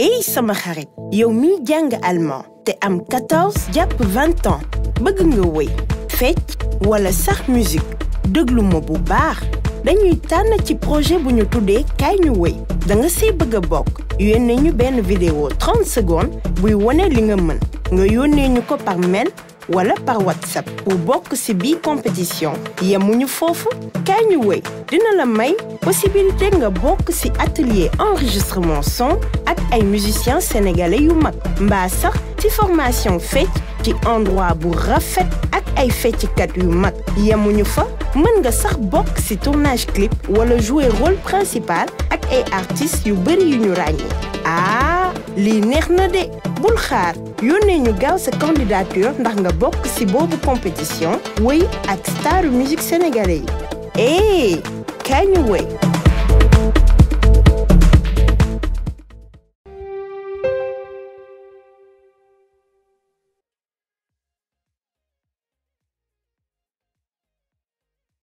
ey sama xarit yow mi jàng allemand te am 14 jàpp 20 ans bëgg nga woy fecc wala sax musique déglu ma bu baax dañuy tànn ci projet bu ñu tuddee kaay ñu woy da nga see bëgg a bokk yónnee ñu benn vidéo 30 secondes buy wone li nga mën nga yónnee ñu ko par mail wala par whatsapp bu bokk ci bii compétition yemuñu foofu kaay ñu wëy dina la may possibilité nga bokk ci atelier enregistrement son ak ay musiciens sénégalais yu mag mbaa sax ci formation fecc ci endroit bu rafet ak ay fecckat yu mag yemuñu fa mën nga sax bokk ci tournage clip wala jouer rôle principal ak ay artistes yu bari yu ñu ràññee ah lii neex na de bul xaar yónnee ñu gaaw sa candidature ndax nga bokk si boobu compétition woy ak staru musique sénégalais yi eh kaay ñu woy